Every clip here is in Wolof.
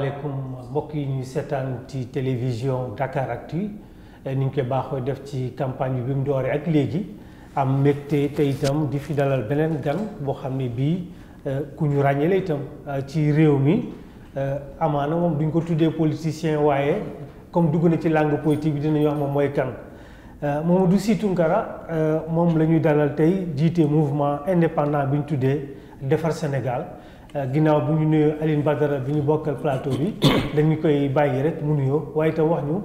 Bonjour mbokk yi ñuy seetaan télévision Dakar Actu eh, ni ñu koy baaxoo def ci campagne bi mu ak léegi am mbégte te itam di fi dalal beneen gan boo xam ne eh, ku ñu ràññee la eh, ci réew mi duñ ko comme ci langue politique bi dinañu wax moom mooy kan. dalal mouvement indépendant bi ñu tuddee Sénégal. Euh, ginnaaw bu ñu nuyoo Alioune Badara bi ñu bokkal plateau bi dañu koy bàyyi rek mu nuyoo waaye itam wax ñu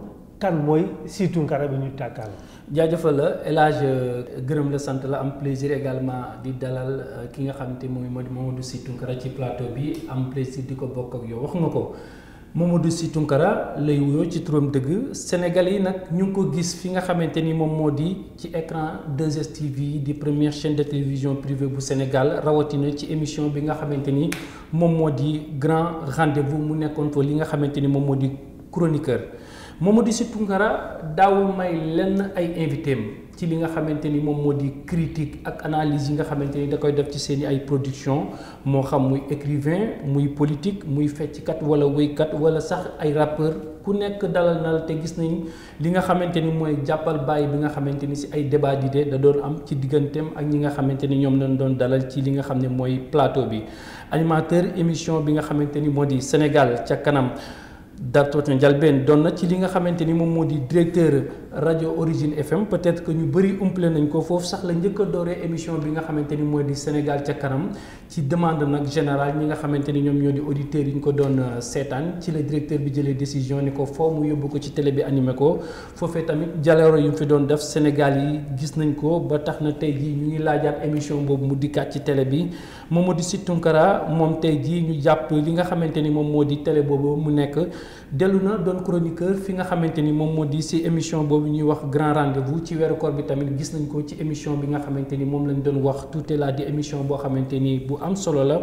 kan mooy Sitou Nkara bi ñu tàkkaal jaajëfal la El euh, gërëm la sant la am plaisir également di dalal euh, ki nga xam te mooy Mamadou Sitou Nkara ci plateau bi am plaisir di ko bokk ak yow wax ko Mamadou Sy Tounkara lay wuyoo ci turam deug Sénégal yi nag ñu ko gis fi nga xamanteni mom modi ci écran 2STV di première chaîne de télévision privée bu Sénégal rawatina ci émission bi nga xamanteni mom modi, grand rendez-vous mu nekkon fa li nga xamanteni mom modi chroniqueur Mamadou Sy Tounkara daawul may lenn ay invité ci li nga xamante ni moom moo di critique ak analyse yi nga xamante ni da koy def ci seen i ay production moo xam muy écrivain muy politique muy fecckat wala wéykat wala sax ay rappeur ku nekk dalal na te gis nañ li nga xamante ni mooy jàppal bàyyi bi nga xamante ni si ay débat d'idées da doon am ci digganteem ak ñi nga xamante ni ñoom lañ doon dalal ci li nga xam ne mooy plateau bi animateur émission bi nga xamante ni moo di Sénégal ca kanam dartoot na njalbeen doon na ci li nga xamante ni moom moo di directeur radio origine fm peut être que ñu bëri umple nañ ko foofu sax la njëkk a émission bi nga di sénégal ca kanam ci demande nak général ñi nga xamante ni ñoom ñoo di auditeurs yi ñu ko doon euh, sétane ci le directeur bi jëlé décision ni ko fo mu yobbu ko ci télé bi animé ko fofé tamit jalooro yu fi doon def Sénégal yi gis nañ ko ba tax na tey jii ñu ngi laajaat émission bobu mu dikkaat ci télé bi Mamadou Sy Tounkara moom tey jii ñu japp li nga xamanteni mom modi télé bobu mu nekk deluna na doon chroniqueur fi nga xamanteni mom modi ci émission bobu ñuy wax grand rendez-vous ci weeru koor bi tamit gis nañ ko ci émission bi nga xamanteni mom lañ doon wax tuuti laa di émission bo xamanteni ni am solo la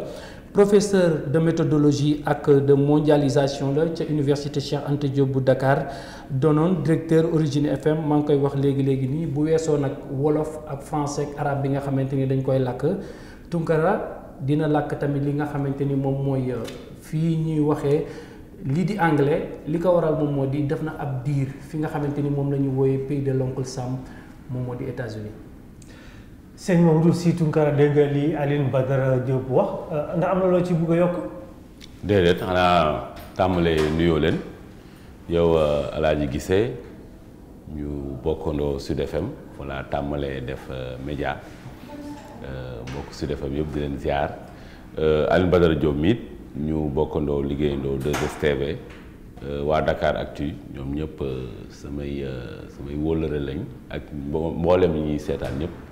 professeur de méthodologie ak de mondialisation la ci université Cheikh Anta Diop bu Dakar donon directeur origine FM maa koy wax légui légui ni bu wesso nak wolof ak français ak arabe bi nga xamanteni dañ koy làkk Tunkara dina làkk tamit li nga xamanteni mom moy euh, fi ñuy waxé li di anglais li ko waral mom modi di def na ab diir fi nga xamanteni mom lañu woyé pays de l'oncle Sam mom modi États-Unis sëñ moom Sy Tounkara dégg nga li Alioune Badara Diop wax euh, ndax am na loo ci bëgg yokk. déedéet xanaa tàmbalee nuyoo leen yow euh, Alaaji Gisee ñu bokkandoo Sud FM wala tàmbalee def euh, média bokk Sud FM yëpp di leen ziar Alioune Badara Diop mi ñu bokkandoo liggéeyandoo 2STV waa Dakar Actu ñoom ñëpp samay samay wóllëre lañ ak mboolem yi ñuy seetaan ñëpp.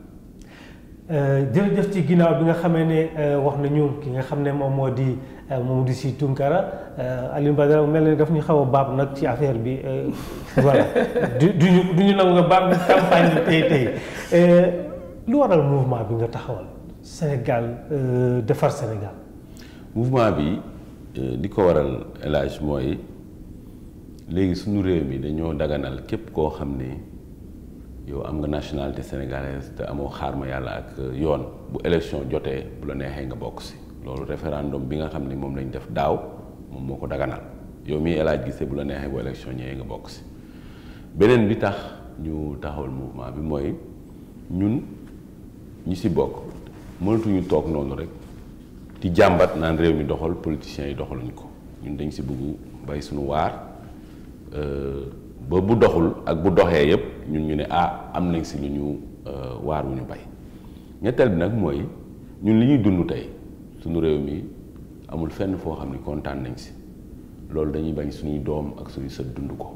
Euh, jërëjëf ci ginnaaw bi nga xamee ne euh, wax na nañu ki nga xam ne moom moo di moom euh, Mamadou Sy Tounkara Alioune Badara mel ne daf ñu xaw a baab nag ci affaire bi voilà du du ñu du ñu nangu nga baab campagne bi tey tey lu waral mouvement bi nga taxawal Sénégal defar Sénégal. mouvement bi li ko waral El Hadj mooy léegi suñu réew mi dañoo daganal képp koo xam ne. yow am nga nationalité sénégalaise te amoo xaar ma yàlla ak euh, yoon bu élection jotee bu la neexee nga bokk si loolu référendum bi nga xam ne moom lañ def daaw moom moo ko daganal yow mii El Hadj Guissé bu la neexee bu élection ñëwee nga bokk si beneen bi tax ñu taxawal mouvement bi mooy ñun ñu si bokk mënatuñu toog noonu rek di jàmbat naan réew mi doxal politiciens yi doxaluñ ko ñun dañ si bëgg bay suñu waar. Euh, ba bu doxul ak bu doxee yëpp ñun ñu ne ah am nañ si lu ñu euh, waar wu ñu bay ñetteel bi nag mooy ñun li ñuy dund tey suñu réew mi amul fenn foo xam ni kontaan nañ si loolu dañuy bañ suñuy doom ak suñuy sët dund ko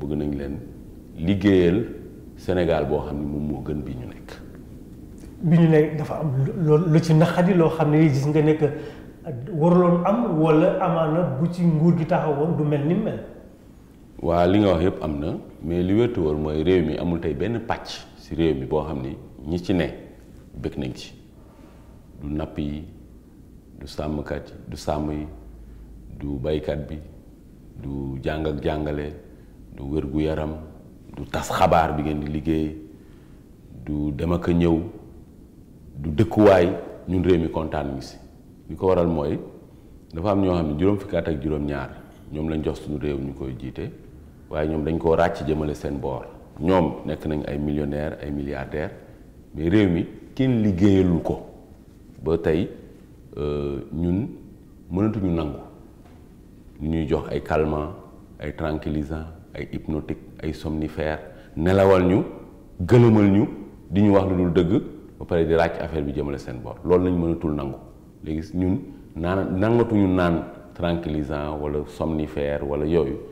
bëgg nañ leen liggéeyal Sénégal boo xam ne moom moo gën bi ñu nekk. bi ñu nekk dafa am lu ci naxadi loo xam ne gis nga nekk waruloon am wala amaana bu ci nguur gi taxawoon du mel ni mel. waa li nga wax yëpp am na mais li wértu wóor mooy réew mi amul tey benn pàcc si réew mi boo xam ni ñi ci ne bëgg nañ ci du napp yi du sàmmkat yi du sàmm yi du baykat bi du jàng ak jàngale du wér-gu-yaram du tas xabaar bi ngeen di liggéey du dem ak a ñëw du dëkkuwaay ñun réew mi kontaan ngi si li ko waral mooy dafa am ñoo xam ne juróom fukki ak juróom-ñaar ñoom lañ jox suñu réew ñu koy jiite waaye ñoom dañ koo ràcc jëmale seen boor ñoom nekk nañ ay millionnaires ay milliardaires mais réew mi kenn liggéeyalu ko ba tey euh, ñun mënatuñu nangu ñu ñuy jox ay calmants ay tranquillisants ay hypnotiques ay somnifères nelawal ñu gëlëmal ñu di ñu wax lu dul dëgg ba pare di ràcc affaire bi jëmale seen boor loolu lañ mënatul nangu léegi ñun naan nangatuñu naan tranquillisant wala somnifère wala yooyu.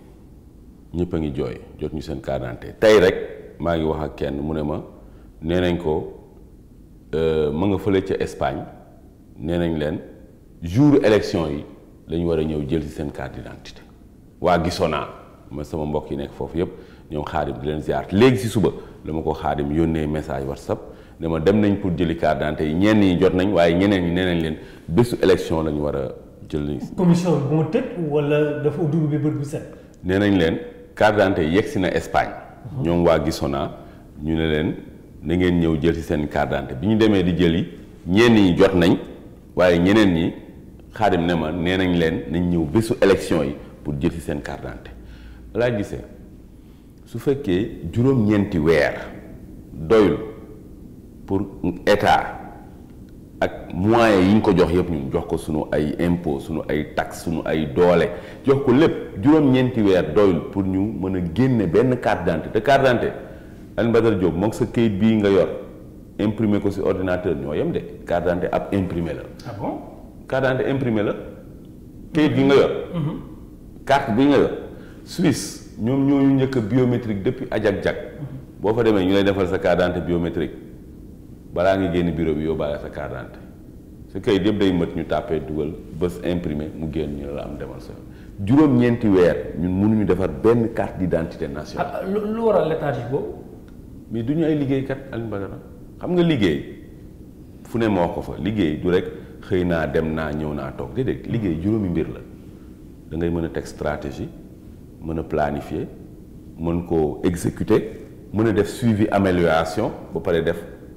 ñëpp ngi jooy jot ñu seen carte tey rek maa ngi wax ak kenn mu ne ma nee nañ ko euh, ma nga fële ca Espagne nee nañ leen jour élection yi lañu war a ñëw jël ci seen carte d'identité waa gisonaa ma sama mbokk yi nekk foofu yëpp ñoom xaadim di leen ziar léegi ci suba la ma ko xaadim yónnee message whatsapp ne ma dem nañ pour jëli carte yi ñenn yi jot nañ waaye ñeneen ñi nee nañ leen bésu élection lañu ñu war a jël. commission bu ma tëj nañ leen. carte d'identité yegg si na Espagne. ñoom waa Gisona ñu ne leen na ngeen ñëw jël si seen carte bi ñu demee di jëli ñenn ñi jot nañ waaye ñeneen ñi xaadim ne ma nee nañ leen nañ ñëw bésu élection yi pour jël si seen carte laa gisee su fekkee juróom-ñeenti weer doyul pour état. ak moyens yi ñu ko jox yëpp ñu jox ko suñu ay impôt suñu ay taxe sunu ay doole jox ko lépp juróom-ñeenti weer doyul pour ñu mën a génne benn carte d'identité te carte d'identité Alioune Badara Diop sa këyit bii nga yor imprimé ko si ordinateur ñoo yem de carte d'identité ab imprimé la. ah bon la këyit bi nga yor. Mhm. bi nga yor Suisse njëkk a biométrique ajak jak mhm. boo fa demee ñu lay defal sa carte d'identité balaa nga génn bureau bi sa carte d'identité sa day mët ñu tàppee dugal bés imprimé mu génn ñu la am sa juróom-ñeenti weer ñun mënuñu defar benn carte d'identité nationale. Ah, lu waral léthargie boobu. mais du ñu ay liggéeykat Alioune Badara xam nga fa du rek dem ñëw mbir la da ngay stratégie planifier mën exécuter def suivi amélioration def.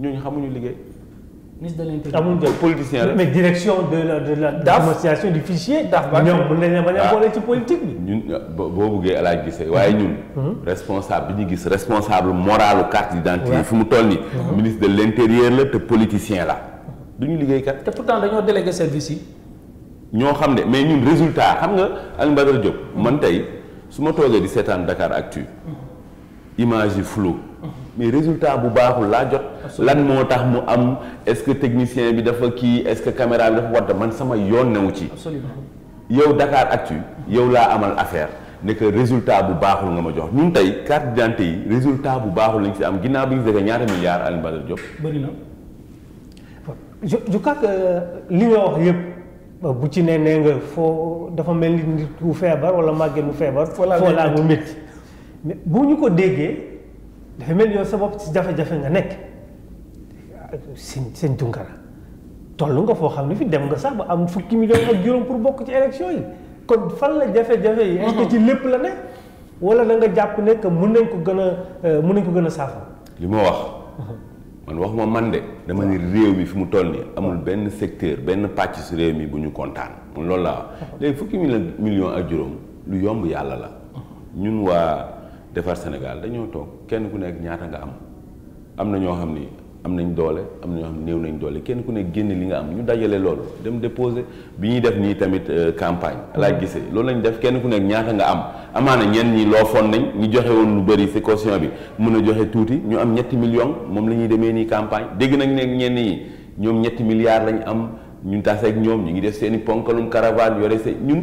ñooñu xamuñu liggéey. ministre de l'intérieur mais direction de la de du fichier. ci politique ñun hum. responsable bi ñu gis responsable moralu carte d'identité toll hum. ministre de l'intérieur la politicien la. duñu liggéey kat. pourtant délégué service yi. ñoo mais ñun résultat xam nga Diop man di Dakar image mais résultat bu baaxul laa jot. lan moo tax mu am est-ce que technicien bi dafa kii est-ce que caméra bi dafa wadd man sama yoon newu ci. yow dakaar Actu yow laa amal affaire ne que résultat bu baaxul nga ma jox ñun tey carte d'identité yi résultat bu baaxul lañ si am ginnaaw bi ñu defee ñaata milliards Alioune bëri na je je crois euh, wax yëpp. bu ci ne nee nga foo dafa mel ni nit ku feebar wala màgget mu feebar. foo laa mu métti mais bu ñu ko déggee. dafa mel yow sa bopp si jafe-jafe nga nekk sëñ sëñ Tunkara toll nga foo xam ne fi dem nga sax ba am fukki million ak pour bokk ci élection yi fan la jafe yi. est-ce ci lépp la wala da nga jàpp ne que mën nañ ko gën a euh, mën nañ ko gën a saafara. li ma wax. man wax ma man de dama ni réew mi fi mu toll amul benn secteur benn pàcc si réew bu ñu kontaan loolu laa léegi fukki million million ak juróom lu yomb yàlla la ñun waa. defar Sénégal dañoo toog kenn ku nekk ñaata nga am am na ñoo xam ni am nañ doole am na ñoo xam ne néew nañ doole kenn ku nekk génn li nga am ñu dajale loolu dem déposer bi ñu def nii tamit euh, campagne laa mm-hmm. gisee loolu lañ def kenn ku nekk ñaata nga am amaana ñenn ñi loofoon nañ ñu joxe woon lu bëri si caution bi mun a joxe tuuti ñu am ñetti million moom la ñuy demee nii campagne dégg nañ ne ñenn ñi ñoom ñetti milliards lañ am ñun taseeg ñoom ñu ngi def seen i ponkalum caravane yore see ñun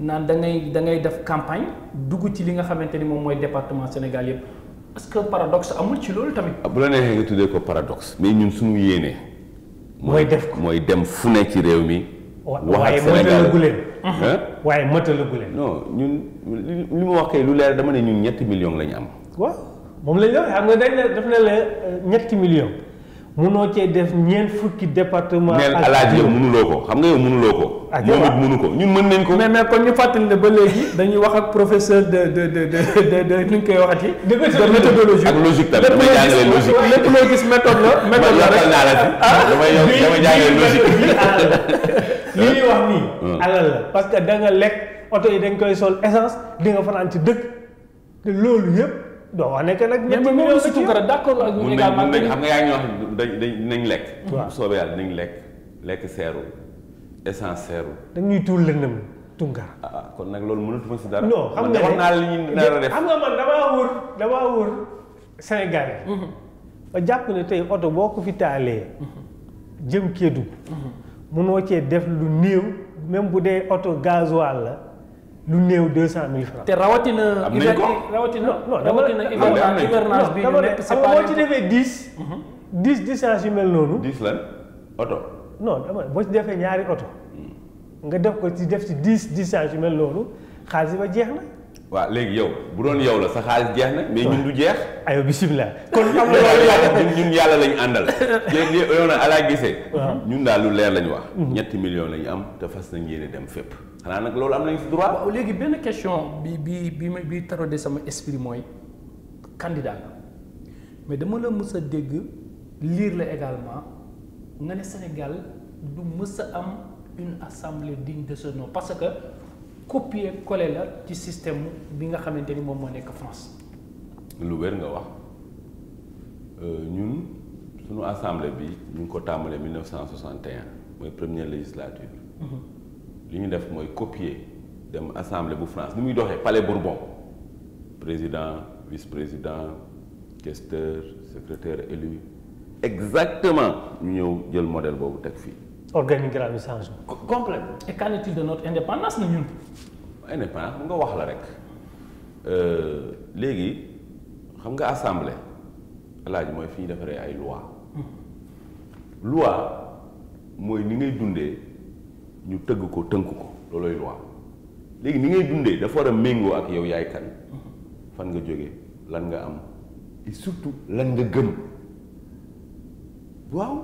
naan da ngay da ngay def campagne dugg ci li nga xamante ni moom mooy département Sénégal yëpp est-ce que paradoxe amul ci loolu tamit. Ah, bu la neexee nga tuddee ko paradoxe mais ñun suñu yéenee. mooy def ko mooy dem fu ne ci réew mi. wax ak Sénégal hein? Hein? waaye mëtalagu leen. non ñun li ma wax kay lu leer dama ne ñun ñetti millions la am. waaw moom la xam nga dañ la daf na la euh, ñetti millions munoo cee def ñeen fukki département. ak alaaji yow mënuloo ko xam nga yow mënuloo ko. ak ah, moom ko ñun mën nañ ko. mais mais kon ñu fàttali ne ba léegi dañuy wax ak professeur de de de de de nu ñu koy waxati. de méthodologie ak logique tamit damay jàngale logique. lépp loo gis méthode la. méthode la rek naa la fi ah. damay damay jàngale logique. li ñuy wax nii. Hmm. alal la parce que da nga lekk oto yi dañ koy sol essence di nga fanaan ci dëkk te loolu yëpp. doo wax nekk nag ñetti millions si Tounkara d'accord ak ñun également mun nañ xam nga yaa ngi wax lekk. waaw bu soobee yàlla nañ lekk lekk seeru essence seeru. dañ ñuy tuur lëndëm Tounkara. Ah, ah kon nag loolu mënatuma si dara. non xam nga ne naa a def. xam nga man damaa wër damaa wër Sénégal mm-hmm. ba jàpp ne tey oto boo ko fi taalee. jëm Kédougou. munoo mm-hmm. cee def lu néew même bu dee oto gasoil la. lu néew deux cent mille francs. te rawatina. am nañ ko rawatina non dama la hivernage bi ñu sa séparé boo ci defee dix. dix distance yu mel noonu. diis lan oto. non dama boo ci defee ñaari oto. nga def ko ci def ci dix distance yu mel noonu xaalis ba jeex na. waaw léegi yow bu doon yow la sa xaalis jeex na. mais ñun du jeex. aywa bisimilah. kon am na loolu yàlla ñun yàlla lañ àndal. léegi yow na alaa ñun daal lu leer lañ wax. Mhm. ñetti millions lañ am te fas nañ yéene dem fépp. xanaa nag loolu am nañ si droit. waaw léegi benn question bi bi bi ma bi sama esprit mooy candidat nga mais dama la mës a dégg lire la également nga ne Sénégal du mës a am une assemblée digne de ce nom parce que copier coller la ci système bi nga xamante ni moom moo nekk France. lu wér nga wax euh, ñun sunu assemblée bi ñu ngi ko tàmbalee 1961 mooy première législature. Mhm li ñu def de copier dem assemblée France palais Bourbon président vice-président gesteur, secrétaire élu exactement ñu jël modèle boobu teg fii. organigramme complet et qu'en est-il de notre indépendance na ñun. indépendance mu nga wax la rek euh, xam nga assemblée fi loi hmm. loi ni ngay ñu tëgg ko tënk ko loolooy loi léegi ni ngay dundee dafa war a méngoo ak yow yaay kan fan nga jóge lan nga am et surtout lan nga gëm waaw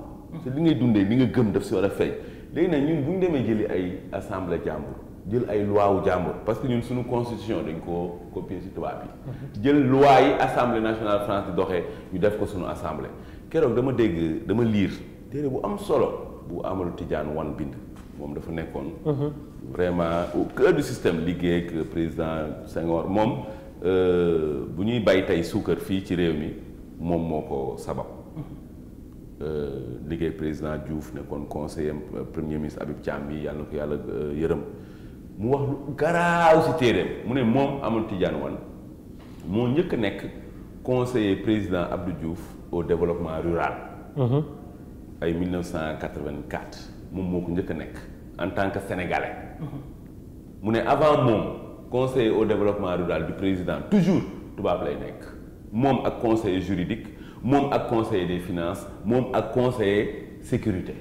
te li ngay dundee bi nga gëm daf si war a feeñ léegi nag ñun bu ñu demee jëli ay assemblée jàmbur jël ay loi wu jàmbur parce que ñun suñu constitution dañ koo copier si tubaab bi jël loi yi assemblée nationale France di doxee ñu def ko suñu assemblée keroog dama dégg dama liir téere bu am solo bu Amadou Tidiane wan bind mom dafa nekkoon. Mhm. vraiment au cœur du système liggéey que président Senghor moom euh, bu ñuy bay tey suukar fii ci réew mi moom moo ko sabab. Mhm. Euh, président Diouf nekkoon conseiller premier ministre Habib Thiam bi yàlla na ko yàlla euh, yërëm mu wax lu garaaw si téeréem mu ne moom Amadou Tidiane Wane moo njëkk nekk conseiller président Abdou Diouf au développement rural. Mhm. ay 1984 en tant que sénégalais. Mon mm-hmm. avant mon conseiller au développement rural du président toujours tubaab lay conseiller juridique mon ak conseiller des finances mon ak conseiller sécurité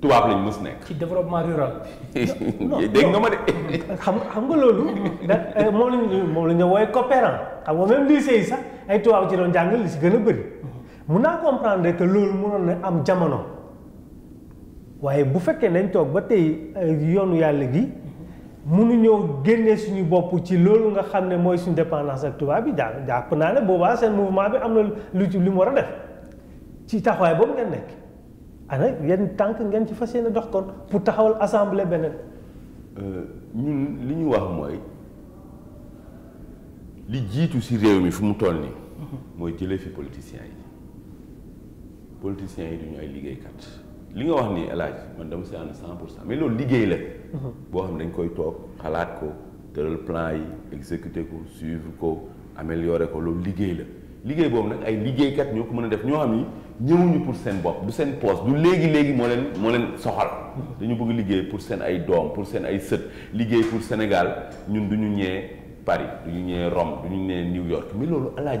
tubaab lañ mës Le développement rural. Non, nga ma de. xam je nga loolu. da eh, moom la ñu même lycée ça ay ci Je mm-hmm. comprendre que l'homme waaye bu fekkee nañ toog ba tey euh, yoonu yàlla gi ñëw génnee suñu bopp ci loolu nga xam ne mooy suñu dépendance ak tubaab bi jàpp naa ne boobaa seen mouvement bi am na lu ci li mu war a def ci taxawaay boobu ngeen nekk ana tànk ngeen ci fas yéene dox kon pour taxawal assemblée beneen. Euh, ñun li ñu wax mooy li jiitu si réew mi fu mu toll nii. Mhm. mooy jëlee fi politiciens yi politiciens yi du ñu ay liggéeykat. li nga wax ni El man dama si ànd 100 pour cent mais loolu liggéey la. Mhm. boo xam dañ koy toog xalaat ko tëral plan yi exécuter ko suivre ko améliorer ko loolu liggéey la liggéey boobu nag ay liggéeykat ñoo ko mën a def ñoo xam ni ñëwuñu pour seen bopp du seen poste du léegi léegi moo leen moo leen soxal. Mhm. dañu bëgg liggéey pour seen ay doom pour seen ay sët liggéey pour Sénégal ñun duñu ñu Paris duñu ñu Rome duñu ñu New York mais loolu El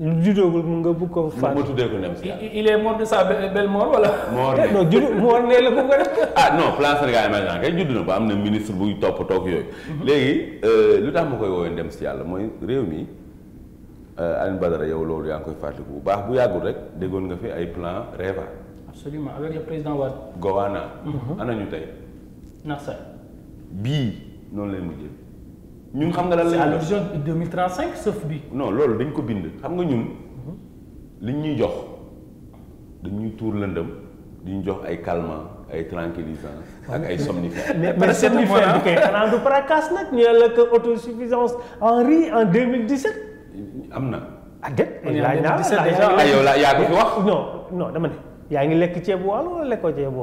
lu judoogul mun nga bëgg ko faat mu tuddee ko nem si il est mort de sa belle mort wala. mort non judd mort nee la ko nga def. ah non plan Sénégal émergent kay judd na ba am na ministre buy topp toog yooyu. Mhm. léegi euh, lu tax ma koy woowee dem si yàlla mooy réew mi euh, Alioune Badara yow loolu yaa ngi koy fàttaliku bu baax bu yàggul rek déggoon nga fi ay plan REVA. absolument avec le président Wade. Gowana. Mhm. ana ñu tey. nax bii noonu lay mujjee. ñun xam nga lan la vision 2035 sauf bi non loolu dañ ko bind xam nga ñun mhm. liñ ñuy jox dañ ñuy tuur lëndëm di ñu jox ay calmant ay tranquillisant ak ay somnifères. mais mais somnifère bi kay xanaa du fracas nag ñu la que autosuffisance en riz en 2017. am na. ah déet. on est ah, la yaa ko fi wax. non non dama ne yaa ngi lekk ceebu waalo wala lekkoo ceebu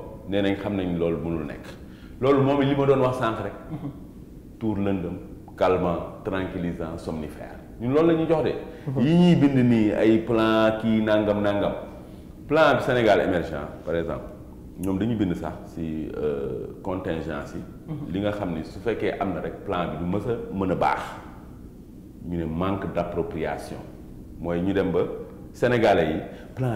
Nous nañ xam nañ loolu nekk loolu li ma doon wax rek tour lëndëm calmant tranquillisant somnifère jox plan kii nangam plan Sénégal émergent par exemple ñoom dañu bind sax si euh, contingence li plan manque d'appropriation mooy ñu dem ba sénégalais yi plan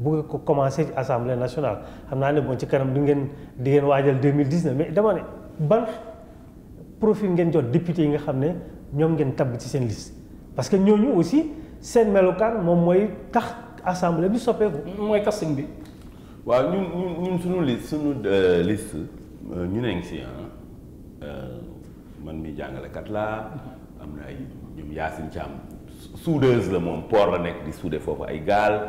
bëgg ko commencé ci assemblée nationale xam naa ne bon ci kanam du ngeen di ngeen waajal 2019 mais dama ne ban profil ngeen jot député yi nga xam ne ngeen tabb ci seen liste parce que ñooñu aussi sen melokaan moom mooy tax assemblée bi soppeeku. mooy casting bi. waaw ñun ñun ñun suñu liste suñu liste ñu ne ngi si ah man mi jàngalekat laa am na ay ñoom Yacine Thiam soudeuse la moom port la nekk di souder foofu ay gaal.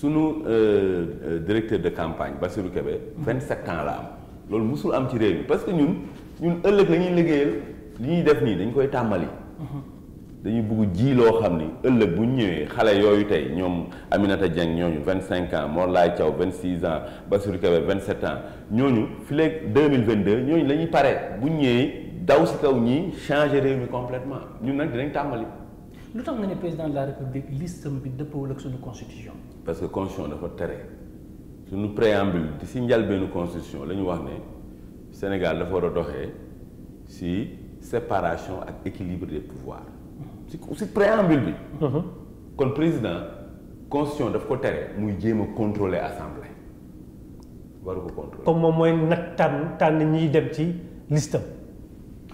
Son euh, euh, directeur de campagne, Bassirou Kébé, 27 ans là. C'est ce qu'il n'y a Parce que nous, nous, nous, nous, nous, nous, nous, nous, nous, nous, nous, nous, dañu bëgg ji lo xamni ëllëg bu ñëwé xalé yoyu tay ñom Aminata Diagne ñoñu 25 ans Mor Lay 26 ans Bassirou Kébé 27 ans ñoñu filé 2022 ñoñu lañuy paré bu ñëwé daw ci kaw ñi changer réew mi complètement ñun nak dinañ tambali lu tax président de la république liste bi dëppoowul ak suñu constitution. parce que constitution dafa tere suñu préambule di si njalbeenu constitution la ñu wax Sénégal dafa war a doxee si séparation ak équilibre des pouvoirs C'est un préambule bi. Mhm. kon président constitution daf ko tere muy jéem a contrôler assemblée waru ko contrôler. comme moom mooy nag tànn dem ci liste.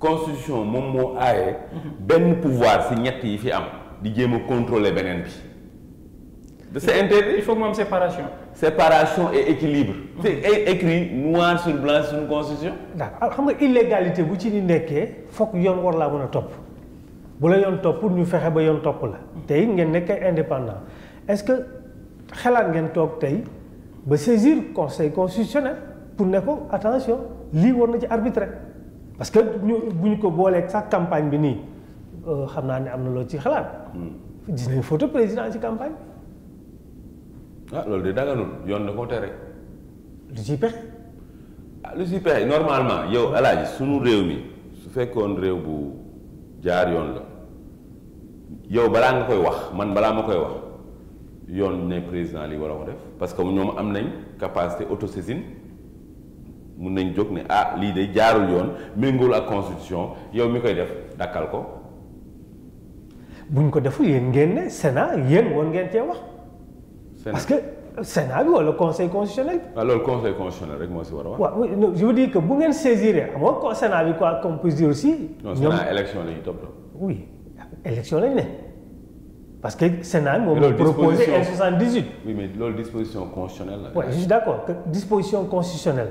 constitution mom mo aaye ben pouvoir ci ñett yi fi am di contrôler benen bi. c'est interdit il faut que séparation. séparation et équilibre. Mm-hmm. c'est écrit noir sur blanc sur une constitution. d'accord xam nga illégalité bu ci ni nekké foog yoon war la mëna top top, bu la yoon top ñu fexé ba yoon top la. tay ngeen nekk indépendant est-ce que xelat ngeen top vous ba saisir conseil constitutionnel pour ne ko attention à war na ci arbitrer parce que nous, bu ñu ko campagne bi nii euh, xam naa ne am na loo hmm. photo président ci campagne ah loolu de nous, yoon na ko tere. Le super. ah normalement yow alaaji sunu réew mi su fekkoon réew bu jaar yoon la yow balaa nga koy wax man balam ma koy wax yoon ne président li war ko def parce que nous am nañ capacité autosaisine mën nañ jóg ne ah lii de jaarul yoon méngool ak constitution yow mi koy def dakkal ko. buñ ko fait yéen ngeen ne Sénat yéen woon ngeen cee wax. parce que Sénat bi le conseil constitutionnel. waaw ah, le conseil constitutionnel rek war je veux dire que bu ngeen saisiré saisi, le Sénat bi quoi comme dire aussi. Non, non Sénat élection la oui élection lañ parce que Sénat moom moo proposé en 78. oui mais loolu disposition constitutionnelle Oui, je suis d'accord. que disposition constitutionnelle.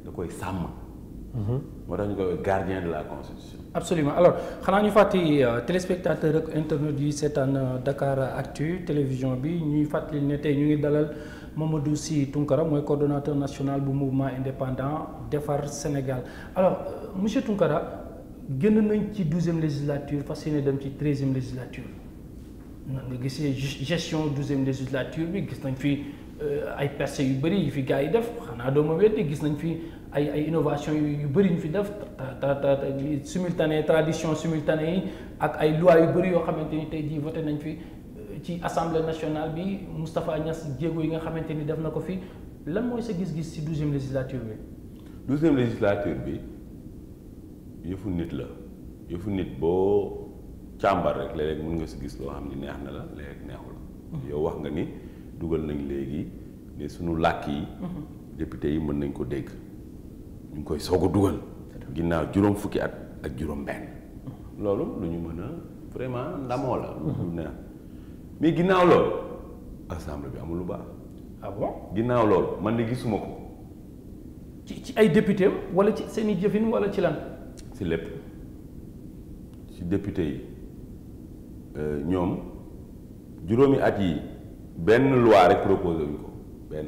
da koy sàmm. Mhm. moo gardien de la constitution. absolument alors xanaa ñu fàttali euh, téléspectateur ak internet yi euh, Dakar Actu télévision bi Nous fàttali ne tey ñu ngi dalal Mamadou Si Tunkara, mooy coordonnateur national du mouvement indépendant Defar Sénégal alors euh, monsieur Tounkara génn nañ ci e législature fas yéene dem ci e législature nan nga gisee gestion e législature bi gis nañ fi ay percées yu bëri yi fi gars yi def xanaa dooma weddi gis nañ fi ay ay innovation yu ñu fi def simultané tradition simultané ak ay loi yu nationale Moustapha Niass yi nga def fi lan sa gis-gis douzième législature bi. douzième législature bi nit la yëfu nit boo càmbar rek léeg nga si gis neex na la léeg neexul. Mm-hmm. yow wax nga ni dugal nañ léegi ne sunu mm-hmm. député yi mën nañ ko ñu ngi koy soog a dugal. ginnaaw juróom fukki at ak juróom benn. loolu lu ñu mën a vraiment ndamoo la. lu mhm. mais ginnaaw loolu assemblée bi amul lu baax. ah bon ginnaaw lool man de gisuma ko. ci ci ay député wala ci seeni i jëfin wala ci lan. si lépp si député yi euh, ñoom juróomi at yi benn loi rek proposé wuñ ko benn.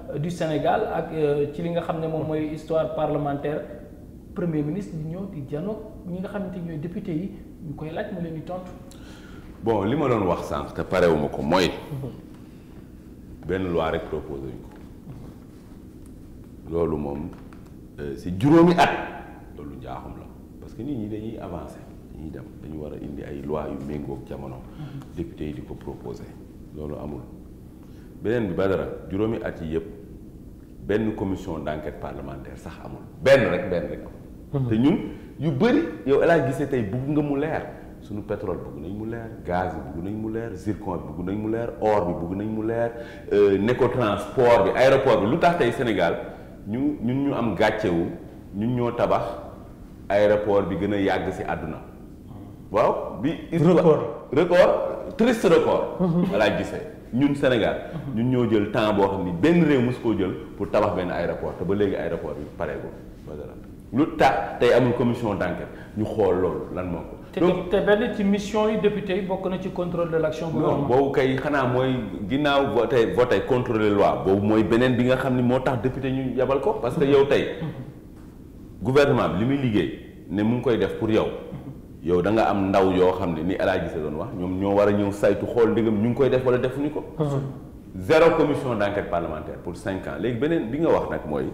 du Sénégal ak euh, ci li nga xam ne moom mooy histoire parlementaire premier ministre di ñoo di janoog ñi nga xamante ñooy député yi ñu koy laaj mu leen di tontu. bon li ma doon wax sànq te parewuma ko mooy. Mhm. benn loi rek proposé ko. loolu moom euh, si juróomi at loolu njaaxum la parce que nit ñi dañuy avancé dañuy dem dañu war a indi ay loi yu méngoog jamono. Mhm. député yi di ko proposé loolu amul beneen bi ba dara juróomi at yi yëpp. une commission d'enquête parlementaire sax amul ben rek ben rek. Hmm. te ñun yu nous, yow El tay nga mu leer suñu pétrole bëgg nañ mu gaz nañ mu leer zircon nañ mu leer or bi nañ mu leer euh, transport bi aéroport bi lutax tay Sénégal ñu ñun ñu am wu ñun ñoo tabax aéroport bi gën a bi record record triste record hmm ñun Sénégal ñun ñoo jël temps boo xam ni benn réew mosu koo jël pour tabax benn aéroport te ba léegi aéroport yi pareegul Badara lu tax tey amul commission d'enquête ñu xool loolu lan moo ko. donc te benn ci mission yi député yi bokk na ci contrôle de l'action gouvernementale. boobu kay xanaa mooy ginnaaw voté voté contrôler loi boobu mooy beneen bi nga xam ni moo tax député ñu yabal ko. parce que yow tey mhm. gouvernement bi li muy liggéey ne mu ngi koy def pour yow yow da nga am ndaw yo xam ne ni El se doon wax ñom ñoo wara a saytu xol ndigam ñu koy def wala defuñu ñuko zéro commission d'enquête parlementaire pour 5 ans léegi benen bi nga wax nak moy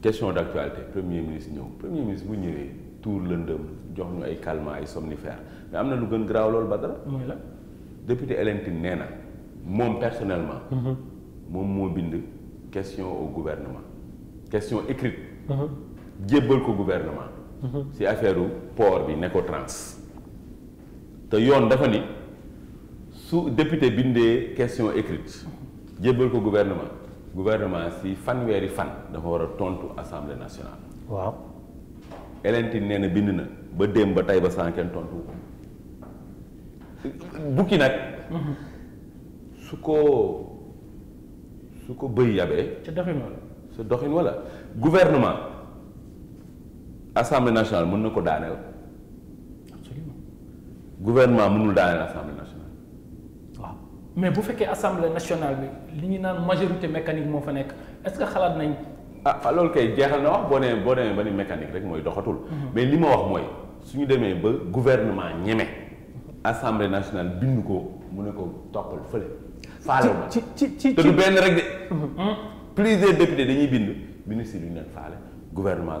question d'actualité premier ministre ñëw premier ministre bu ñëwee tour lendeum jox ñu ay calmants ay somnifères mais amna lu gën graaw lol ba dara. mooy la député Hélène Tine nee na moom personnellement. mom mhm. mo bind question au gouvernement question écrite. Mhm. jébbal ko gouvernement si affaire port bi trans te yoon dafa ni su député bindé question écrite jébbal ko gouvernement gouvernement si fanwéri fan dafa wara a tontu assemblée nationale. waaw. Elentine néna na ba dem ba tay ba sanken kenn tontu bukki nag. Suko. Suko, su yabé bëy yabee. wala. ce doxin wala gouvernement. assemblée nationale mën na ko daaneel. gouvernement mënul daaneel assemblée nationale. waaw mais bu fekkee assemblée nationale bi li ñu naan majorité mécanique moo fa nekk est-ce que xalaat nañ. ah, ah loolu kay jeexal na wax boo nee boo demee ba ni mécanique rek mooy doxatul. Mhm. mais li ma wax mooy suñu demee ba gouvernement ñeme. assemblée nationale bindu ko mu ne ko toppal fële. faale ma ci ci ci te du benn rek de. Mhm. plusieurs députés dañuy bind ministre yi duñu leen faale gouvernement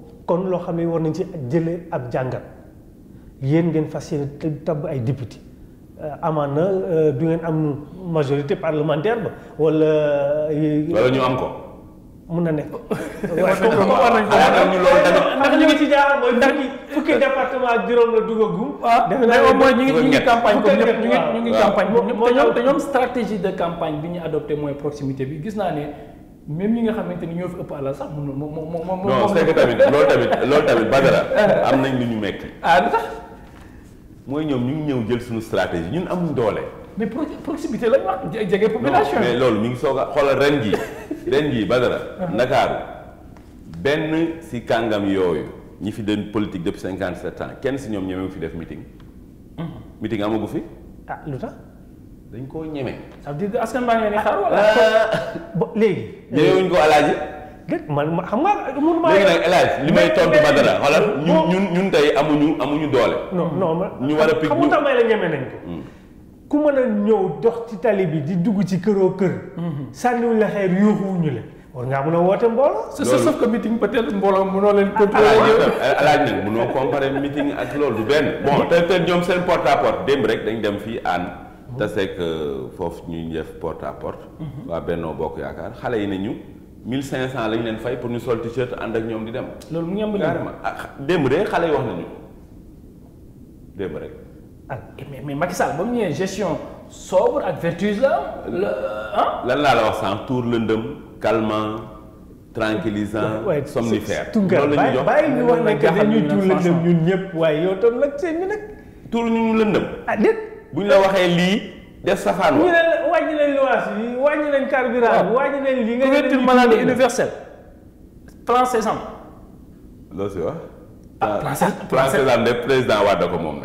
kon loo xam ne war nañ ci jëlee ab jàngat yéen ngeen fas yéene tabb ay député euh, amaan na euh, du ngeen am majorité parlementaire ba wala. Euh, wala ñu am ko. mun na nekk. waaye comme war nañ ko ndax ñu ngi ci jaar mooy ndax fukki département ak juróom la dugagum. waaw mais au moins ñu ngi ñu ngi campagne comme ñëpp ñu ngi ñu ngi campagne. te ñoom te ñoom stratégie de campagne bi ñu adopté mooy proximité bi gis naa ne. même ñi nga xamante ni ñoo fi ëpp alal sax moom moom moom moom. moom non c'est que tamit loolu tamit loolu tamit Badara. am nañ lu ñu mekk. ah lu tax. mooy ñoom ñu ngi ñëw jël suñu stratégie ñun amuñ doole. mais proximité lañ wax jege population mais loolu mi ngi soog a xoolal ren jii ren jii Badara. Uh-huh. Ndakaaru benn si kàngam yooyu ñi fi den politique depuis cinquante sept ans kenn si ñoom ñemewu fi def meeting. Uh-huh. meeting amagu fi. ah lu tax. dañ koo ñeme. ça veut dire que askan baa ngi leen di xaar wala. léegi. ñemewuñ ko alaaji. dëgg man xam nga mun maa. léegi nag alaaji li may tontu ba dara xoolal ñun ñun tey amuñu amuñu doole. non non man ñu war a picc ñu xam la ñeme nañ ko. Mm. ku mën a ñëw dox ci tali bi di dugg ci këroo kër. Mm-hmm. sànniwuñ la xeer yuuxuwuñu la. war ngaa mën a woote mbooloo. loolu sauf que meeting peut-être mbooloo mënoo leen. Ah, contrôler alaaj ah, nag mënoo comparer meeting ak loolu du benn. bon te te ñoom seen porte à démb rek dañu dem fii ànd taseeg euh, foofu ñuy def porte à porte. Mhm. wa benno Bokk Yaakaar xalé yi nañu 1500 lañ leen fay pour ñu sol t-shirt ànd ak ñom di dem. loolu mu ñëmb carrément ah, dem de xalé yi wax nañu dem rek. ah mais mais Macky Sall ba mu ñëwee gestion sobre ak vertueuse la ah. lan laa la wax sans tour le ndem calmant tranquillisant somnifère. loolu la ñuy jox bàyyi ñu wax ne que dañuy tour lëndëm ñun ñëpp way yow tam nak seen ñu nak tour ñu ñu ndem ah vous vous la waxee lii def safaan carburant bi oh. nga maladie universelle plan ans. loo si wax. Ah, plan président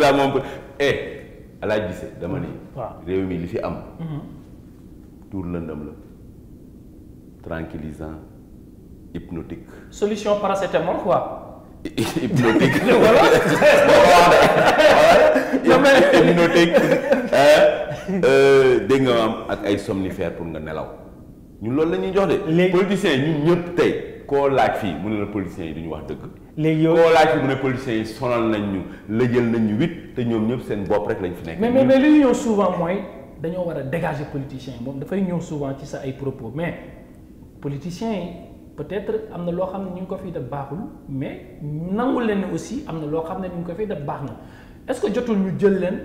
mais mais eh alaa gisee dama li fi mhm. tranquillisant hypnotique. solution paracétamol quoi hypnotique. voilà. voilà. hypnotique. Hein? Euh, dégg nga am ak ay somnifères pour nga nelaw. Ñu loolu lañuy jox dé. léegi politiciens ñun ñëpp tay ko laaj fi mu ne la politiciens yi duñu wax dëgg. léegi yow koo laaj fii mu ne politiciens yi sonal nañ ñu lëjël nañ ñu huit te ñoom ñëpp seen bop rek lañ fi nekk. mais mais mais li ñu ñëw souvent mooy dañoo war a dégager politiciens yi moom dafay ñëw souvent ci sa ay propos mais politiciens yi. peut-être am na loo xam ne ñu ngi ko fiy def baaxul mais nangu leen ne aussi am na loo xam ne ñu ngi ko fiy def baax na est-ce que jotul ñu jël leen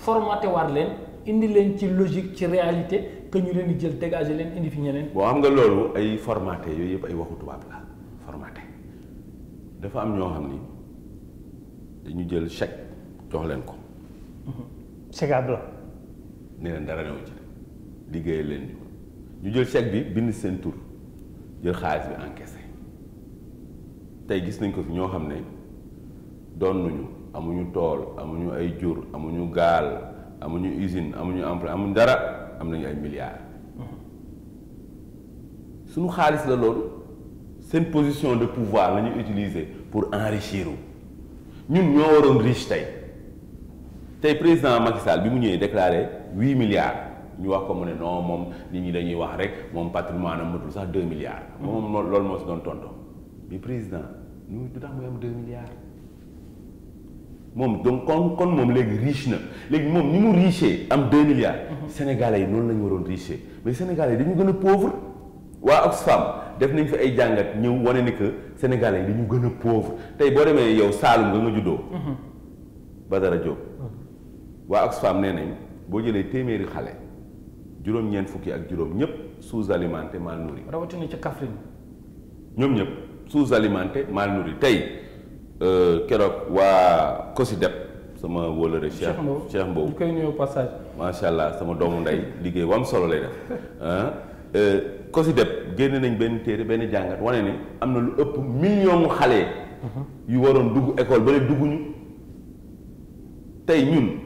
formaté war leen indi leen ci logique ci réalité que ñu leen di jël dégager leen indi fi ñeneen. boo xam nga loolu ay formaté yooyu yëpp ay waxu tubaab la formate dafa am ñoo xam ni dañu jël chèque jox leen ko. Mm-hmm. chèque à blanc. ne leen dara newu ci liggéeyal leen ñu jël chèque bi bind seen tur. jël xaalis bi encaissé gis ko fi amuñu amuñu ay amuñu amuñu usine amuñu emploi dara ay milliards la position de pouvoir la utiliser pour enrichir ñun ñoo waroon riche président Macky déclaré 8 milliards ñu wax ko mu ne non moom nit ñi dañuy wax rek moom patrimoine am matul sax 2 milliards. moom loolu moo si doon tontu. mais président ñu du tax muy am 2 milliards. moom donc kon kon moom léegi riche na léegi moom ni mu riche am 2 milliards. Mhm. Sénégalais yi noonu la ñu waroon riche mais Sénégalais yi dañu gën a pauvre. waa Oxfam def nañ fi ay jàngat ñëw wane ni que Sénégalais yi dañu gën a pauvre tey boo demee yow Saloum nga nga juddoo. Mhm. Badara Diop. Mhm. waa Oxfam nee nañ boo jëlee téeméeri xale. juróom-ñeent fukki ak juróom ñëpp sous-alimenté mal nourri. rawatina ci Kaffrine. ñoom ñëpp sous-alimenté mal nourri tey euh, keroog waa COSYDEP sama wóolare. Cheikh Mbow Cheikh Mbow ñu koy nuyoo passage. macha allah sama doomu ndey liggéey wam solo lay def ah, euh, COSYDEP génne nañ benn téere benn jàngat wane ne am na lu ëpp million mu xale. Mhm. yu waroon dugg école ba léegi dugguñu tey ñun.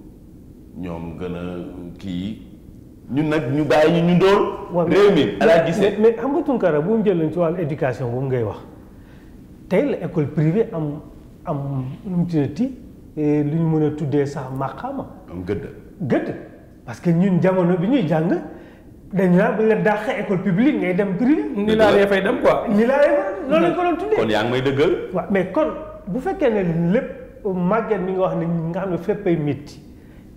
ñoom gën a kii ñun nag ñu bàyyi ñu ñu ndóol. réew mi ala gisee mais xam nga Tunkara bu mu jëlee ci wàllu éducation boobu ngay wax tey la école privée am am nu mu tuddati eh, lu ñu mën a tuddee sax màqaama. am gëdd. gëdd parce que ñun jamono bi ñuy jàng. dañu naan bu la dàqee école publique ngay dem privé. ni laa lay fay dem quoi. ni laa lay fay loolu lañ ko doon tuddee. kon yaa ngi may dëggal. waaw mais kon bu fekkee ne lépp màgget mi nga wax ne nga xam ne féppay métti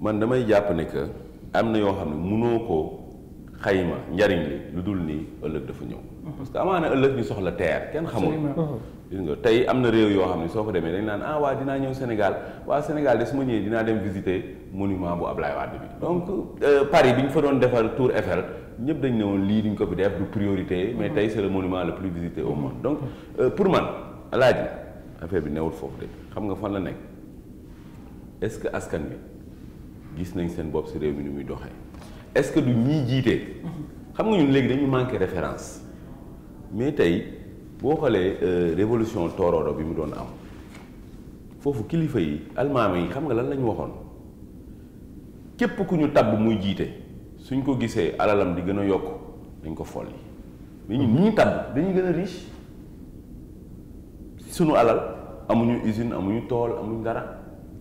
man damay jàpp ne que am na yoo xam ne mënoo koo xayma njariñ li lu dul nii ëllëg dafa ñëw. parce que amaana ëllëg ñu soxla terre kenn xamul. gis nga tey am na réew yoo xam ne soo ko demee dañ naan ah waa ñëw Sénégal waa Sénégal de su ma ñëwee dinaa dem visiter monument bu Ablaye Wade bi. donc euh, Paris bi ñu fa doon defar Tour Eiffel ñëpp dañ ne woon lii duñ ko fi def du priorité. mais tey c'est le monument le plus visité au monde. donc euh, pour man laaj affaire bi newul foofu de xam nga fan la nekk est-ce que askan bi. est-ce que du avons jiite. xam nga ñun dañu manqué référence mais tey boo xoolee euh, révolution de bi mu doon am foofu kilifa yi xam nga lan nous waxoon képp ku ñu tabb muy jiite suñ ko gisee alalam di a dañ ko riche sunu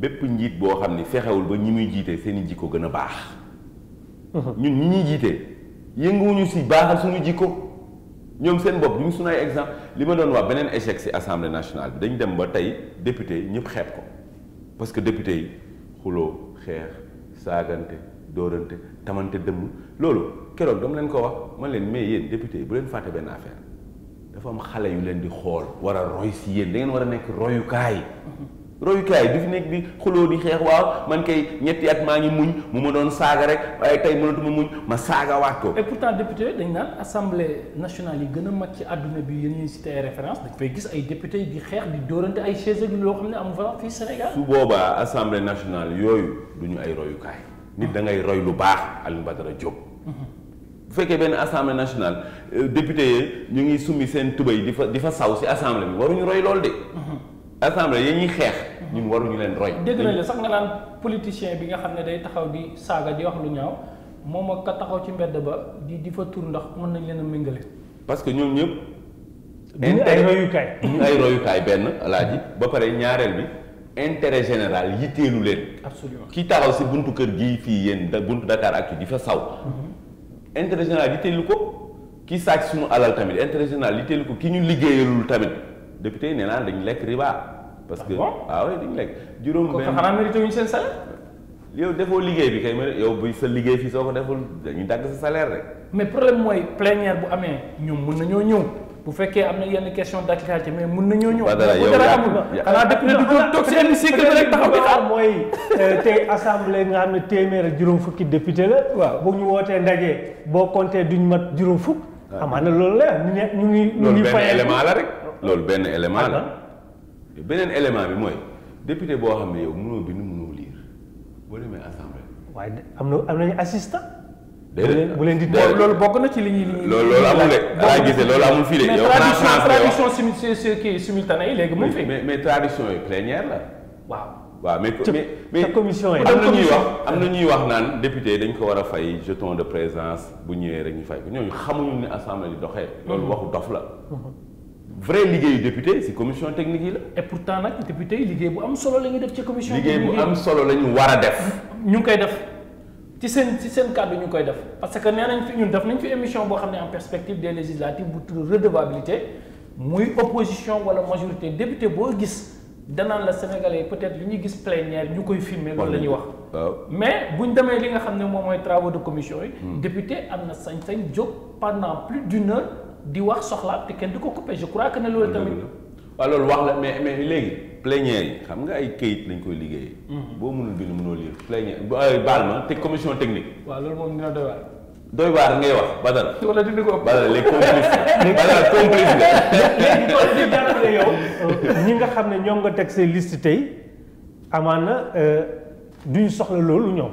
bépp njiit boo xam gens fexewul ba ñi muy jiite seen i jikko gën a baax. Mhm. ñun ñi ñuy jiite yënguwuñu si baaxal suñu jikko ñoom seen bopp sommes exemple li doon échec assemblée nationale député parce que député yi xuloo xeex saagante tamante dëmm loolu keroog dama leen ko wax man leen mais député bu leen fàtte benn affaire dafa am xale yu leen royukaay du fi nek bi xulo di xex waaw man kay ñetti at ma ngi muñ mu ma doon saga rek waye waaye tey ma muñ ma saagawaat ko. et pourtant député dañ naan assemblée nationale yi gëna a mag ci àdduna bi yéen ñuy cité référence dañ fay gis ay député di xex di dorante ay chaise ak lo xam ne amu fa fii Sénégal. su boba assemblée nationale yooyu duñu ay royu royukaay nit da ngay roy lu baax Alioune Badara Diop. Mhm. bu fekkee benn assemblée nationale euh, député yi ñu ngi sumi seen tubéy di fa di fa saw si assemblée bi waruñu roy lool de. Mhm. assemblée yi ñuy xeex ñun waruñu leen roy dégg nañ la sax nga naan politicien bi nga xam day taxaw di saga di wax lu ñaaw moom ak ka taxaw ci mbedd ba di di fa tur ndax mën nañ leen a méngale parce que ñoom ñëpp ñu ay royukaay ñu ay royukaay benn alaaji ba pare ñaareel bi intérêt général yitteelu leen absolument ki taxaw si buntu kër gii fii yéen da buntu Dakar ak di fa saw mm-hmm. intérêt général yitteelu ko ki sàcc suñu alal tamit intérêt général yitteelu ko ki ñu liggéeyalul tamit député yi nee dañu lekk riba. parce que ah, ah oui dañu lekk. juróom benn kooku xanaa mérité wuñ seen salaire. yow defoo liggéey bi kay ma yow bu sa liggéey fii soo ko deful dañuy dagg sa salaire rek. mais problème mooy plénière bu amee ñoom mun nañoo ñëw. bu fekkee am na yenn question d'actualité mais mun nañoo ñëw. waaw dara yow yaa xanaa depuis du ko toog seen cycle rek taxaw bi xam mooy euh, tey assemblée nga xam ne téeméer ak juróom fukki député lol ben élément ah, la ah. beneen élément bi moy député bo xamné yow yow bi bind mënoo lire bo démé assemblée. way amna na am assistant. déedéet bu leen di loolu bokk na ci li ñuy. loolu loolu amul de daa gisee loolu amul fi de. yow France traduction traduction kii simultané yi mu fi. mais mais traduction yi plénière la. waaw waaw mais mais ca commission yi. am na ñuy wax am na ñuy wax naan député dañ ko war a fay jeton de présence bu ñëwee rek ñu fay ko ñooñu xamuñu ne assemblée di doxee. loolu mm-hmm. waxu dof la. Mm-hmm vrai du député c'est commission technique là. et pourtant nag député ligue, bu am solo la de def ci commission. liggéey bu am solo la ñu def. ñu koy def ci seen ci seen kàddu ñu koy def parce que nous avons fi ñun def nañ fi émission boo xam en perspective des législatives bu tudd redevabilité muy opposition wala majorité député boo gis danaan la sénégalais peut-être li ñuy gis plénière ñu koy filmer loolu la ñuy wax. mais bu ñu demee li nga xam ne moom mooy travaux de commission hmm. député am sañ-sañ jóg pendant plus d'une heure. di wax soxla te kenn du ko couper je crois que ne loolu tamit waaw loolu wax la mais mais léegi plénière yi xam nga ay kayit lañ koy liggéeyee mhm. boo mënul bind mënoo lire plénière baal ma te commission technique waaw loolu moom dina doy waar doy waar ngay wax badal wala dindi ko badal les complices badal complice nga ko di jàppale yow ñi nga xam ne ñoom nga teg say liste tey amaana euh, duñ soxla loolu ñoom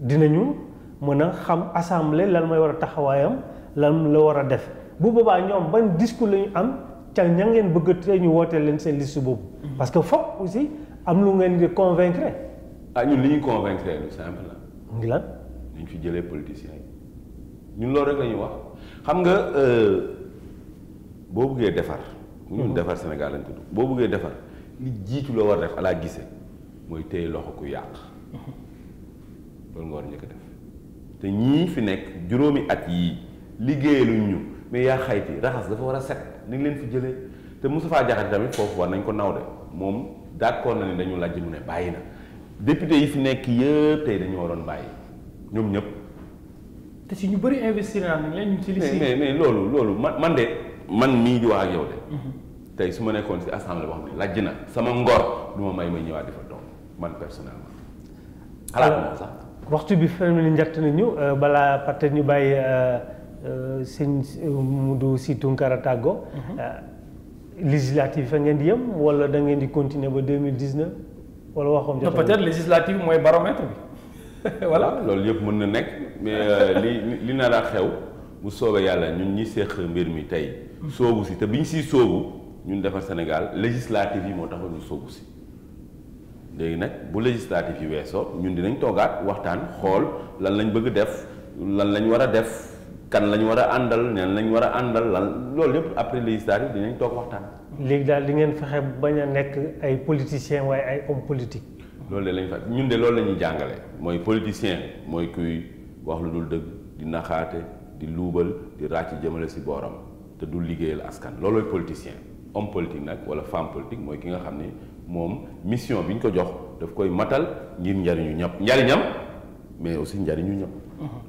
dinañu mën xam assemblée lan mooy war a lan la war def bu boobaa ñoom ban discours lañu ñu am ca ña ngeen bëgg te ñu wootee leen seen liste boobu. parce que foog aussi am lu ngeen di convaincre. ah ñun li ñuy convaincre lu simple la. ngi lan. ñu fi jëlee politiciens yi ñun loolu rek lañuy wax xam nga euh, boo buggee defar. ñun mhm. defar Sénégal lañ boo bëggee defar li jiitu la war def ala gisee mooy téye loxo ku yàq mhm. loolu nga war njëkk a def te ñii fi nekk juróomi at yi liggéeyaluñ ñu. mais yaa xayti raxas dafa war a set ni ngi leen fi jëlee te Moustapha Diakhaté tamit foofu war nañ ko naw de moom d'accord na ni dañu lajj mu ne bàyyi na député yi fi nekk yëpp tey dañu waroon bàyyi ñoom ñëpp. te si ñu bëri investir nañ leen ñu ci li mais mais loolu loolu man man de man mii di wax ak yow de. Mhm. tey su ma nekkoon si assemblée boo xam ne lajj na sama ngor du may may ñëwaat di fa toog man personnellement. xalaat moom sax. waxtu bi fenn njëkk na ñu euh, balaa peut ñu bàyyi. Euh, Euh, sëñ euh, du Sy Tounkara tàggo mhm. euh, législative fa ngeen di yem wala da ngeen di continuer ba deux mille dix neuf wala waxoon. jotoon peut mooy baromètre bi voilà. Ah, loolu yëpp mën na nekk mais li li nar a xew bu soobee yàlla ñun ñi seq mbir mi tey. soobu si te bi ñu si soobu ñun defar Sénégal législative yi moo taxoon ñu soobu si. léegi nag bu législative yi weesoo ñun dinañ toggaat waxtaan xool lan lañ bëgg def lan lañ war a def. kan lañ war a àndal neen lañ war a àndal lan loolu yëpp après législative dinañ toog waxtaan. léegi daal di ngeen fexe bañ a nekk ay politiciens waaye ay hommes politiques. loolu de lañ fa ñun de loolu la ñuy jàngale mooy politicien mooy kuy wax lu dul dëgg di naxaate di luubal di ràcc jëmale si booram te du liggéeyal askan loolooy politicien homme politique nag wala femme politique mooy ki nga xam ne moom mission bi ñu ko jox daf koy matal ngir njariñu ñëpp njariñam mais aussi njariñu ñëpp.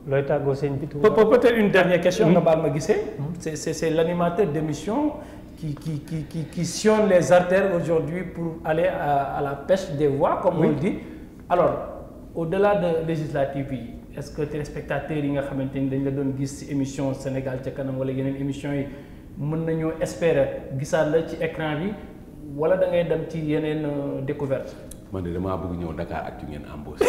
peut-être une dernière question. Hmm? Hmm? c'est l'animateur d'émission qui qui qui qui les artères aujourd'hui pour aller à, la pêche des voix comme oui. on dit alors au-delà de législative est-ce que téléspectateurs spectateurs, nga xamante une dañ la émission Sénégal ca kanam wala yeneen émission ils, ont espéré espérer ça sur l'écran? écran bi wala da ngay dem ci euh, découverte Je de bëgg ñëw Dakar ak ci ngeen embauché.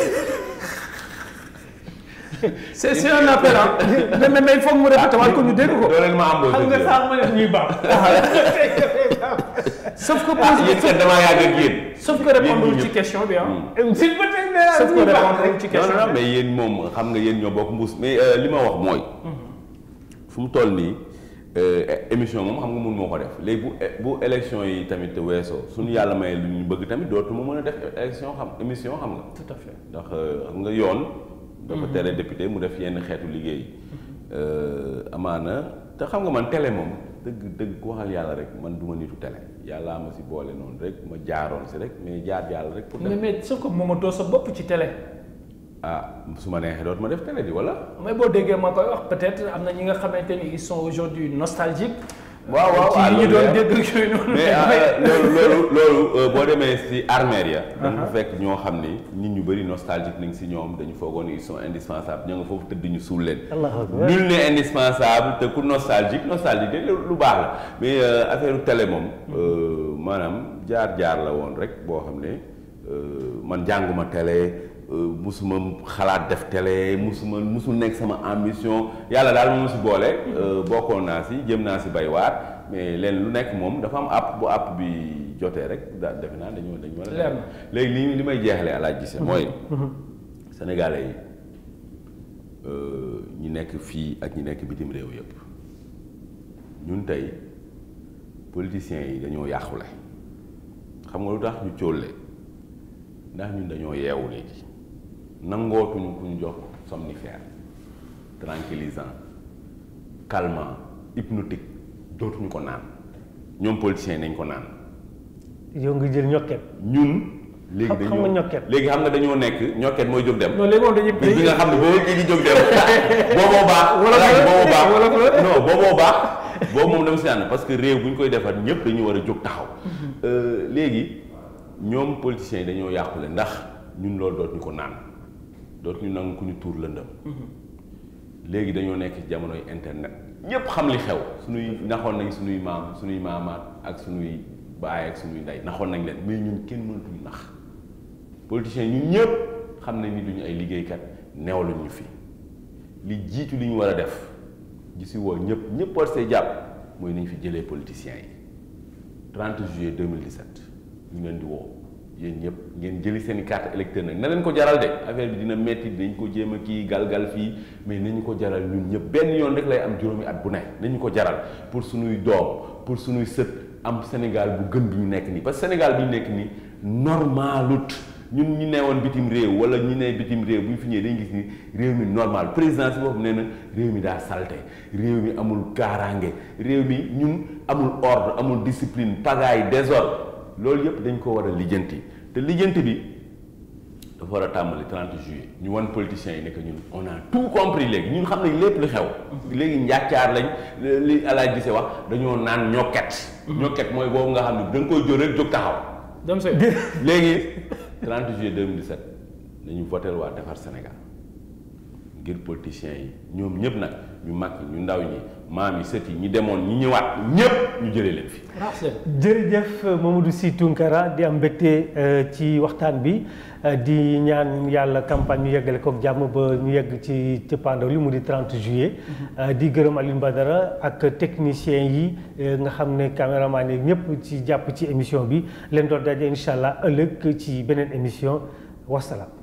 c'est c'est un appel ah mais mais il faut mu répéter ko ñu dégg ko. dooleel ma am xam nga sax ma ne ñuy baax. sauf que pose damaa yàgg ak yéen. sauf que répondre ci question bi ah. s'il peut être sauf que répondre ci question non non mais yéen moom xam nga yéen ñoo bokk mbuus mais li wax mooy. fu mu toll nii émission moom xam nga mun moo def léegi bu bu élection yi tamit weesoo suñu yàlla may lu ñu bëgg tamit dootuma mën def élection xam émission xam nga. tout à fait ndax nga yoon. dafa mhm. tere député mu def yenn xeetu liggéey euh, amaana te xam nga man télé moom dëgg dëgg ku waxal yàlla rek man du ma nitu télé yàllaa ma si boole noonu rek ma jaaroon si rek mais jaar yàlla rek. pour mais mais soo ko moomatoo sa bopp ci télé. ah su ma neexee doot ma def télé di wala. mais boo déggee ma koy wax peut-être am na ñi nga xamante ni ils sont aujourd'hui nostalgiques. waaw waaw waaw ah, ah, loolu loolu loolu euh, boo demee si armeer ya uh-huh. da nga fekk ñoo xam ni nit ñu bëri nostalgique nañ si ñoom dañu foogoon ils sont indispensables ñoo nga foofu tëdd ñu suul leen nul ne indispensable te ku nostalgique nostalgique de lu baax la mais euh, affaire télé moom euh, maanaam jaar-jaar la woon rek boo xam ne man jànguma télé Euh, musuma xalaat def tele musuma musul nekk sama ambition yàlla daal moom si boole. Euh, bokkoon naa si jëm naa si bay waat mais leen lu nekk moom dafa am app bu app bi jotee rek daa defe naa dañoo dañu war a. leer léegi nii li may jeexalee alaaj gise mhm. mooy. Mhm. sénégalais yi euh, ñi nekk fii ak ñi nekk bitim réew yëpp ñun tey politiciens yi dañoo yàqule xam nga lu tax ñu cóolle ndax ñun dañoo yeewu léegi. nangootuñu ku ñu jox somnifère tranquillisant calmant hypnotique dootuñu ko naan ñoom politiciens nañ ko naan. yow nga jël ñokket. ñun. léegi dañoo xam nga ñokket léegi xam nga dañoo nekk ñokket mooy jóg dem. non léegi moom dañuy bi nga xam ne boo kii di jóg dem. booboo baax. wala baax wala non non booboo baax. boobu moom dem si ànd parce que réew bu ñu koy defar ñëpp dañu war a jóg taxaw. Mhm. Euh, léegi ñoom politiciens yi dañoo yàqule ndax ñun loolu dootuñu ko naan. dootuñu nangu ku ñu tuur lëndëm mhm. léegi dañoo nekk ci jamonoy internet ñëpp xam li xew suñuy naxoon nañ suñuy maam suñuy maamaat ak suñuy baay ak suñuy ndey naxoon nañ leen mais ñun kenn mënatuñ nax politiciens ñun ñëpp xam nañ ni duñu ay liggéeykat neewaluñ ñu fi li jiitu li ñu war a def gi si woo ñëpp ñëpp war see jàpp mooy nañ fi jëlee politiciens yi 30 juillet 2017 ñu leen di woo yooyu ñëpp ngeen jëli seen i carte électeur nag na leen ko jaral de affaire bi dina metti dinañ ko jéem a kii galgal fii mais ñu ko jaral ñun ñëpp benn yoon rek lay am juróomi at bu ne nañu ko jaral pour suñuy doom pour suñuy sët am Sénégal bu gën bi ñu nekk nii parce que Sénégal bi ñu nekk nii normalut ñun ñu ne woon bitim réew wala ñu ne bitim réew bu ñu fi ñëwee dañu gis ni réew mi normal président si boppam nee na réew mi daa salte réew mi amul kaaraange réew mi ñun amul ordre amul discipline pagaille désordre loolu yëpp dañ nous war a te bi 30 juillet ñu wan politiciens yi ñun on a tout compris léegi ñun xam nañ lu xew. léegi njàccaar lañ li alaaj wax dañoo naan ñokket. ñokket mooy boobu nga xam da 30 juillet 2017 dañu voté waa defar Sénégal ngir politiciens Mami, yi sët yi ñi demoon ñi ñëwaat ñëpp ñu jëlee leen fi. jërëjëf Mamadou Sy Tounkara di am mbégte euh, ci waxtaan bi euh, di ñaan yàlla campagne ñu yeggale kook jàmm ba ñu yegg ci cëppaandaw li mu di 30 juillet. Mhm. Euh, di gërëm Alioune Badara ak technicien yi nga xam ne caméraman yi ñëpp ci jàpp ci émission bi leen doon daje incha allah ëllëg ci beneen émission Wassalam.